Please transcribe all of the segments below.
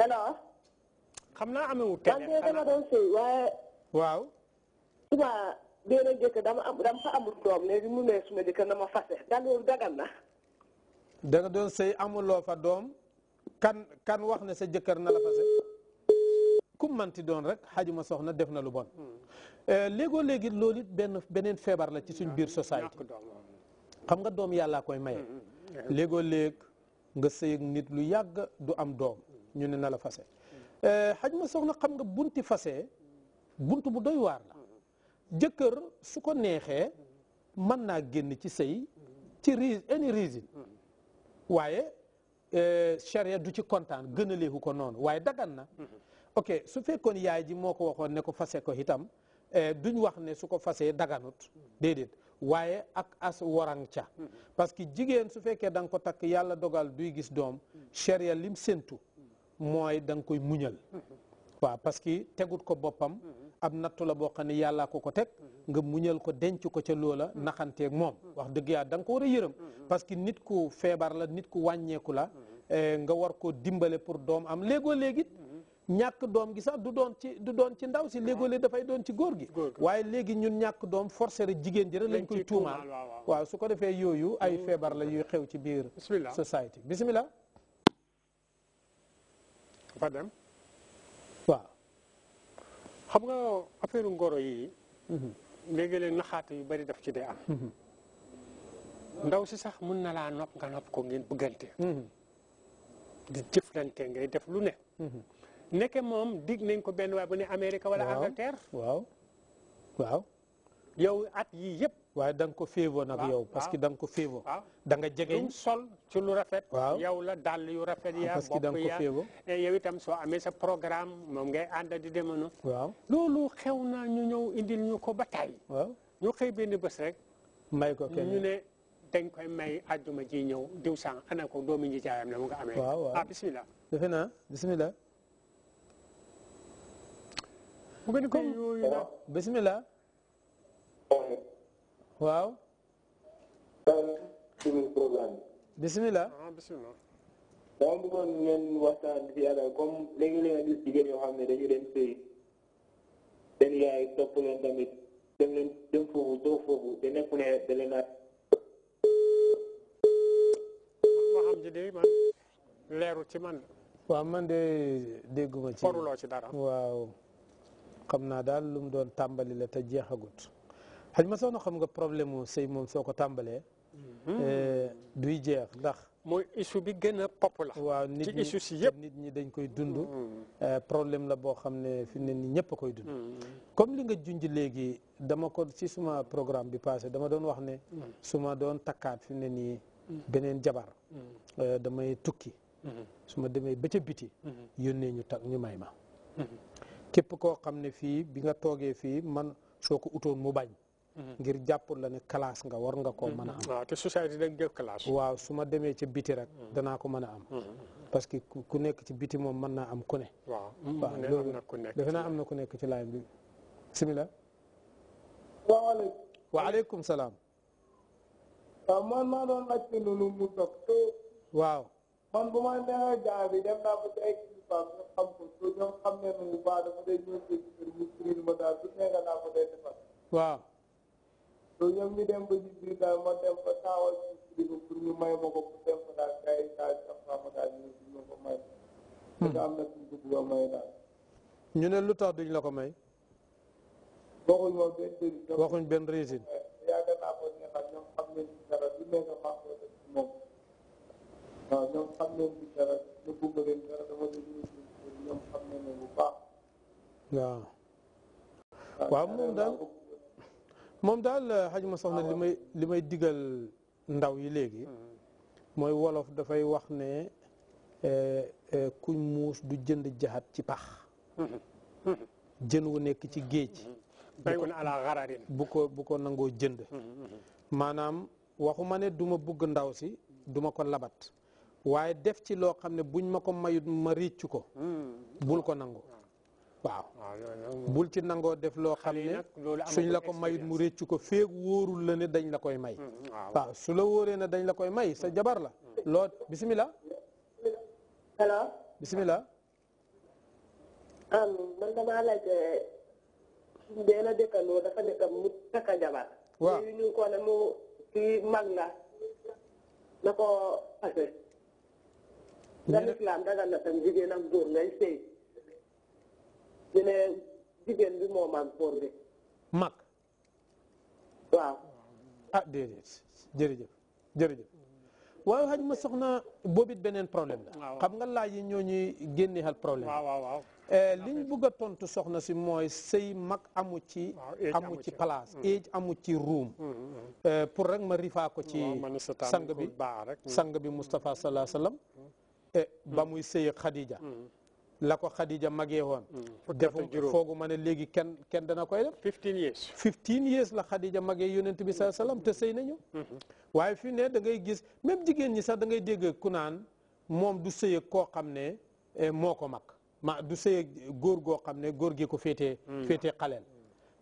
alors. xam naa amewul kenn man waaw. suma benn léegi mu ne suma jëkk na. da doon sëy amuloo doom. kan kan wax ne sa jëkkër na la fase doon rek xajuma soxna def na lu bon hmm. eh, léegoo léegi loolu benn beneen feebar la ci suñ biir société xam nga doom yàlla koy maye hmm, hmm. léegoo léeg nga sëy nit lu yàgg du am doom ñu ne na la fase xaj eh, ma soxna xam nga bunti fase bunt bu doy waar la jëkkër su ko neexee mën naa génn ci say ci ris any reason waaye eh, charia du ci kontaan gën a ko noonu waaye dagan na ok su fekkoon yaay ji moo ko waxoon ne ko fase ko itam eh, duñ wax ne su ko fasee daganut déedéet waaye ak as warang ca parce que jigéen su fekkee da nga ko takk yàlla dogal duy gis doom charia lim séntu mooy danga koy muñal waaw parce que tegut ko boppam ab nattu la boo xam ne yàllaa ko ko teg nga muñal ko denc ko ca loola naxanteeg moom wax dëgg yàlla da nga ko war a yërëm parce que nit ku feebar la nit ku wàññeeku la eh, nga war ko dimbale pour doom am léegoo léegi ñàkk doom gi sax du doon ci du doon ci ndaw si léegoo léegi dafay doon ci góor gi waaye léegi ñun ñàkk doom forcé rek jigéen ji rek lañ koy tuumaal waaw su ko defee yooyu ay mm. feebar la yuy xew ci biir société bismillah fa dem waaw xam nga affaire ngoro yi mhm. léegi-léeg naxaate yu bari daf ci dee am mhm. ndaw si sax mën na laa nopp nga nopp ko ngeen bëggante mhm. di jëflante ngay def lu ne nekke moom dig nañ ko benn waay bu ne Amérique wala Angleterre waaw yow at yii yëpp waaye da nga ko féevoo nag yow parce que da nga ko féevoo da nga jegeñ sol ci lu rafet waaw yow la dàll yu rafet ah, yaa parce que da nga eh, yow itam soo amee sa programme moom ngay ànd di demono waaw loolu xew naa ñu ñëw indil ñu ko ba tàyyi waaw ñu xëy benn bés rek may ko kenn ñu ne dañ koy may ñëw diw sang ko doomi ñi jaayam la waaw waaw ah naa bisimilah bu waaw. bisimilah. Ah, dama bëggoon ngeen waxtaan si yàlla comme léegi leen gis jigéen yoo xam ne dañu leen sëy seen yaay topp dem foofu doo foofu te nekk ne da leen ci man waaw man de dégguma ci ci dara waaw xam naa daal lu mu doon tàmbali la te jeexagut xaj ma soxna xam nga problème mu sëy moom soo ko tàmbalee. Hmm. Eh, duy jeex ndax. mooy issue bi gën a populaire. waaw nit ñi nit ñi dañ koy dund. Hmm. Eh, problème la boo xam ne fi ne nii ñëpp a koy dund. Hmm. comme li nga junj léegi dama ko ci suma programme bi passé dama doon wax ne. su ma doon takkaat fi mu ne nii. beneen jabar. Eh, damay tukki. su ma demee ba biti. yónnee ñu tak ñu may ma. képp koo xam ne fii bi nga toogee fii man soo ko utoon mu bañ. ngir jàppul la ne classe nga war nga koo mën a am. waaw te su ma demee ci biti rek. danaa ko mën a am. parce que ku nekk ci biti moom mën naa am ku ne. waaw defe naa am na ku nekk ci laaj bi bisimilah. waaw. so ñu dem ba ci biir daal may ma ko pour hmm. am a may daal. ne lu tax duñ la ko may. waxuñ ma benn raison. waxuñ waaw ñoom xam ne bu baax. waaw. waaw moom daal. moom daal xaj euh, ma soxna ah li may li may digal ndaw yi léegi hmm. mooy wolof dafay wax ne euh, euh, kuñ muus du jënd jaxat ci pax hmm. Hmm. jën wu nekk ci géej bu ko bu ko nangoo jënd maanaam waxuma ne duma bugg ndaw si duma ko labat waaye def ci loo xam ne buñ ma ko mayut ma ricc ko bul ko nangu waaw ah, bul ci nangoo def loo xam ne suñ la ko mayut mu réccu ko féeg wóorul la ne dañ la koy may mm, mm, su la wóoree ne dañ la koy may sa jabar la mm. loo bisimilah allo bisimilah am mag la na ko fase da lislaam dagal na tam jigéen ak góor ngay sëy ñu ne jigéen bi moo mag góor bi mag waaw ah déedéet jërëjëf jërëjëf waaw xaj ma soxna boobit beneen problème la xam nga laaj yi ñoo ñuy génneexal problème waaw eh, liñ bëgg a tontu soxna si mooy sëy mag amu ci amu ci palaas hmm. age amu ci ruum hmm, hmm, eh, pour rek ma rifaa ko ci sang bi sang bi Moustapha salaa sallam eh, ba muy sëy Khadija la ko Khadija magee woon. Mm. defu foogu ma ne léegi kenn kenn dana koy def. 15 years 15 years la Khadija magee yonent bi sax salaam te sëy nañu. Mm-hmm. waaye fi ne dangay gis même jigéen ñi sax da ngay dégg ku naan moom du sëy koo xam ne eh, moo ko mag ma du sëy góor goo xam ne góor gi ko féetee. Mm. féetee xaleel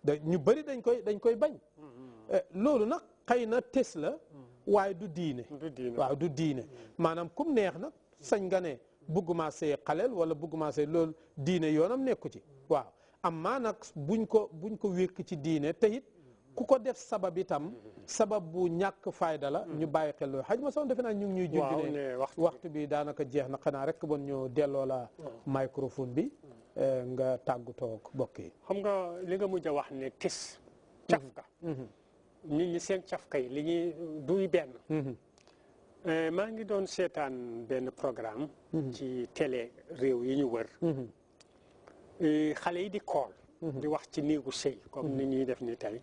da ñu bëri dañ koy dañ koy bañ. Mm-hmm. Eh, loolu nag xëy na tes la. Mm. waaye du diine. du diine waaw du diine maanaam kum neex nag sañ nga ne. bugguma see xaleel wala bugguma see loolu diine yoonam nekku ci waaw amma nag buñ ko buñ ko wékk ci diine te ku ko def sabab itam sabab bu ñàkk fayda la ñu bàyyi xel loolu xaj ma soon defe naa ñu ñuy junj ne waxtu bi daanaka jeex na xanaa rek bon ñu delloo la microphone bi eh, nga tàggatoo bokk yi xam nga li nga mujj a wax ne tis mhm. cafka mhm. nit ñi seen cafka yi li ñuy duy benn mhm. Eh, maa ngi doon seetaan benn programme. Mhm. ci télé réew yi ñu wër. Mhm. Eh, xale yi di kool. Mhm. di wax ci néegu sëy comme ni ñuy def ni tey.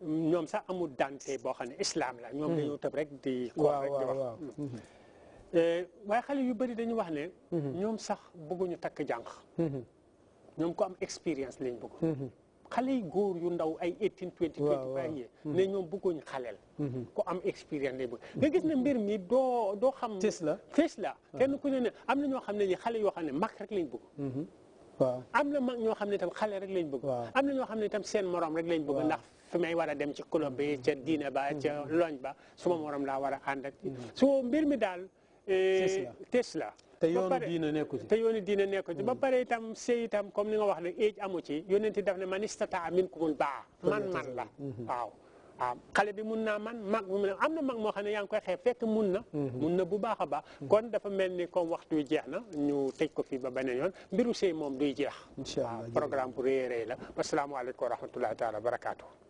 ñoom sax amul dante boo xam ne islam la ñoom dañoo tëb rek di. kool rek di wax mm. eh, waaye xale yu bëri dañu wax ne. ñoom sax bëgguñu takk jànq. ñoom ko am expérience lañ bëgg. xale yu góor yu ndaw ay 18 20 25 years mm-hmm. ne ñoom bëgguñ xaleel mm-hmm. ku am expérience lay bëgg nga gis ne mbir mi doo doo xam tes la tes la ah. kenn ku ne ne am na ñoo xam ne ñi xale yoo xam ne mag rek lañ bëgg mm-hmm. am na mag ñoo xam ne tam xale rek lañ bëgg am na ñoo xam ne tam seen morom rek lañ bëgg ndax fi may war a dem ci club bi ca diine ba ca loñ ba suma morom laa war a ànd ak so mbir mi daal tes eh, la te yoonu diine nekku ci te yoonu diine nekku ba pare itam sëy itam comme ni nga wax rek éej amu ci yónent daf ne man istataa minkumul baa man man la waaw xale bi mun naa man mag mu ne am na mag moo xam ne yaa ngi koy xeeb fekk mun na mhm. mun na bu baax a baax mhm. kon dafa mel ni comme waxtu wi jeex na ñu tëj ko fii ba beneen yoon mbiru sëy moom duy jeex waaw programme bu réy a réy la asalaamaaleykum wa rahmatullahi taala barakaatu